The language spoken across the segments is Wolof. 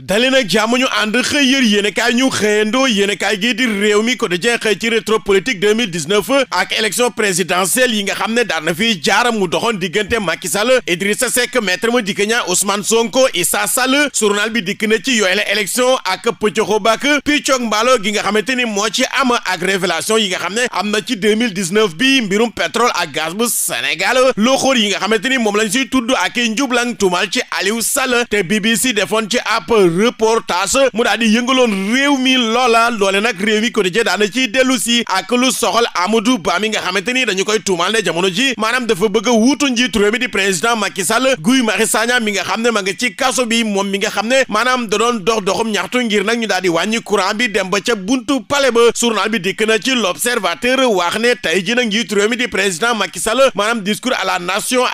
dali nag jàmm ñu ànd xëy yër yéene kaay ñu xëyandoo yéene kaay gii di réew mi ko di jeex xëy ci rétro politique 2019 ak élection présidentielle yi nga xam ne daan na fi jaaram mu doxoon diggante Macky Sall Idrissa Seck Maître Madické Niang Ousmane Sonko Issa Sall journal bi dikk na ci yooyu la élection ak pëccoxoo bak piccoog mbaalo gi nga xamante ni moo ci am ak révélation yi nga xam ne am na ci 2019 bi mbirum pétrole ak gaz bu Sénégal looxóor yi nga xamante ni moom lañ siy tudd ak i njublang tumal ci Aliou Sall te defoon ci app reportage mu daal di yëngaloon réew mi loola loole nag réew mi quotidien daana ci dellu si ak lu soxal Amadou Ba mi nga xamante ni dañu koy tuumal ne jamono ji maanaam dafa bëgg a wuutu njiitu mi di président Macky Sall Guy Marius Sagna mi nga xam ne ma nga ci kaso bi moom mi nga xam ne maanaam da dox doxum ñaxtu ngir nag ñu daal di wàññi bi dem ba ca buntu palais ba journal bi dikk na ci l'observateur wax ne tey ji na njiitu réew mi di président Macky Sall maanaam discours à la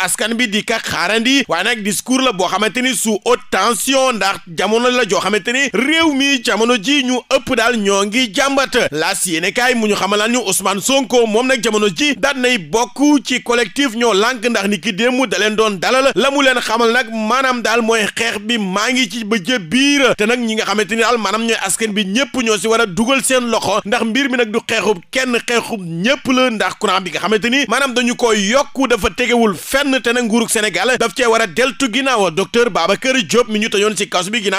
askan bi di ka xaarandi waaye nag discours la boo xamante ni sous haute tension ndax jamono jamono la joo xamante ni réew mi jamono ji ñu ëpp daal ñoo ngi jàmbat laas yéene mu ñu xamalaan ñu Ousmane Sonko moom nag jamono ji daan nay bokk ci collectif ñoo lànk ndax ni ki démb da leen doon dalal la mu leen xamal nag maanaam daal mooy xeex bi maa ngi ci ba jë biir te nag ñi nga xamante ni daal maanaam ñooy askan bi ñëpp ñoo si war a dugal seen loxo ndax mbir mi nag du xeexub kenn xeexub ñëpp la ndax courant bi nga xamante ni maanaam dañu ko yokku dafa tegewul te nag nguurug Sénégal daf cee war a deltu ginnaaw docteur Babacar Diop mi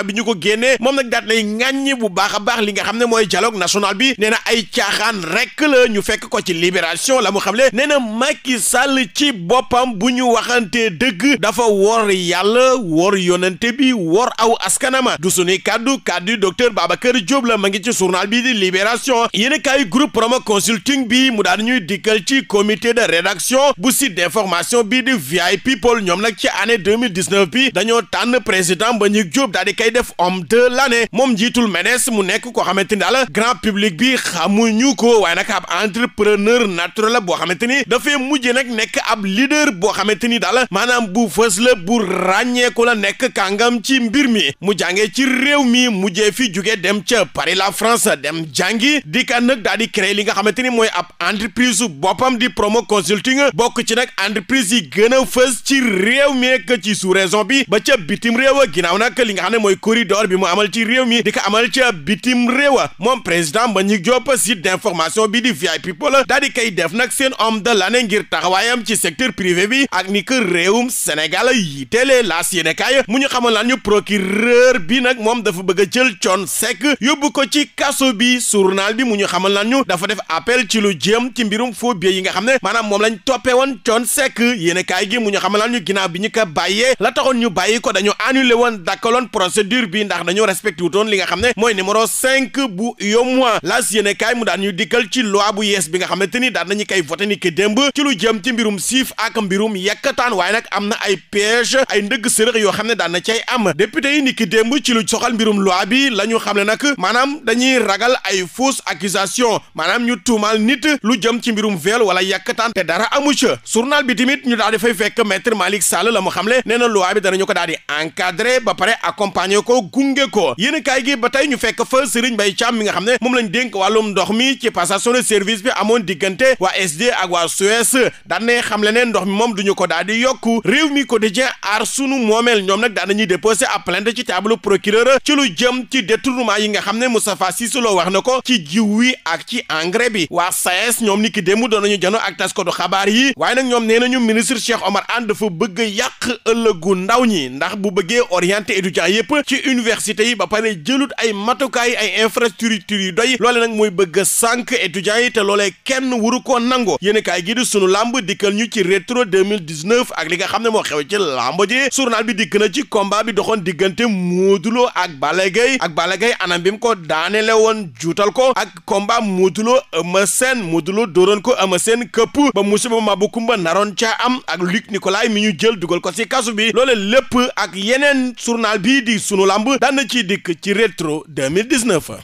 bi ñu ko génnee moom nag daat nay ŋàññi bu baax a baax li nga xam ne mooy jaloog national bi nee ay caaxaan rek ñu fekk ko ci libération la mu xam le nee na Macky Sall ci boppam bu ñu waxante dëgg dafa wor yàlla wor yonente bi wor aw askanama du sunuy kàddu kàddu docteur Babacar Diop la ma ngi ci journal bi di libération yéen kaay groupe promo consulting bi mu daal ñuy dikkal ci comité de rédaction bu site d'information bii di VI People ñoom nag ci année 2019 bi dañoo tànn président Mbagnick Diop daal di kay def homme de l'année moom njiitul MEDES mu nekk koo xamante ni daal grand public bi xamuñu ko waaye nag ab entrepreneur naturel la boo xamante ni dafay mujj nag nekk ab leader boo xamante ni daal maanaam bu fës la bu ràññeeku la nekk kàngam ci mbir mi mu jàngee ci réew mi mujjee fi jugee dem ca Paris la France dem jàngi di kan nag daal di créer li nga xamante ni mooy ab entreprise su boppam di promo consulting bokk ci nag entreprise yi gën a fës ci réew mi ak ci sous-région bi ba ca bitim réew ginnaaw corridor bi mu amal ci réew mi di ko amal ci bitim réewa moom président Mbagnick Diop site d'information bi di VI People daal di koy def nag seen homme de l'année ngir taxawaayam ci secteur privé bi ak ni ko réewum Sénégal yi teelee laas yéene kaay mu ñu xamal laan ñu procureur bi nag moom dafa bëgg a coon sec yóbbu ko ci kaso bi journal bi mu ñu xamal laan ñu dafa def appel ci lu jëm ci mbirum faux yi nga xam ne maanaam moom lañ toppee woon coon sec yéene kaay gi mu ñu xamal laan ñu bi ñu la taxoon ñu ko dañu annulé candidature bi ndax dañoo respecté wutoon li nga xam ne mooy numéro bu yomwa laas yéene kaay mu daan ñu dikkal ci loi yees bi nga xamante ni daan nañu koy voté ni ki ci lu jëm ci mbirum siif ak mbirum yekkataan waaye nag am na ay piège ay ndëgg sërëx yoo xam ne daan na cay am député yi ni ki démb ci lu soxal mbirum loi bi la ñu xam ne nag maanaam dañuy ragal ay fausse accusation maanaam ñu tuumaal nit lu jëm ci mbirum viol wala yekkataan te dara amu ko gunge ko yéen kaay gi ba tey ñu fekk fa Serigne Mbaye Thiam mi nga xam ne moom lañ dénk wàllum ndox mi ci passation de service bi amoon diggante waa SD ak waa Suez daan xam le ne ndox mi moom duñu ko daal di yokku réew mi ko quotidien aar sunu moomeel ñoom nag daan nañuy déposé ab plainte ci table procureur ci lu jëm ci détournement yi nga xam ne Moustapha Cissé Lo wax na ko ci jiw wi ak ci engrais bi waa SAES e ñoom ni ki démb doon nañu jano ak taskatu xabaar yi waaye nag ñoom nee nañu ministre Cheikh Omar Anne dafa bëgg yàq ëllëgu ndaw ñi ndax bu bëggee orienté étudiant ci université yi ba pare jëlut ay matukaay ay infrastructure yu doy loole nag mooy bëgg a sànq étudiants yi te loolee kenn wuru koo nango yéen kaay gi di sunu làmb dikkal ñu ci rétro 2019 ak li nga xam ne moo xew ci làmb ji journal bi dikk na ci combat bi doxoon diggante Modou Lo ak Balla Gaye ak Balla Gaye anam bi mu ko daanele woon juutal ko ak combat Modou Lo Eumeu Sène Modou Lo dóoroon ko Eumeu Sène këpp ba musiba mabu kumba naroon ca am ak Luc Nicolaï mi ñu jël dugal ko si kasu bi lamb daan na dikk ci rétro 2019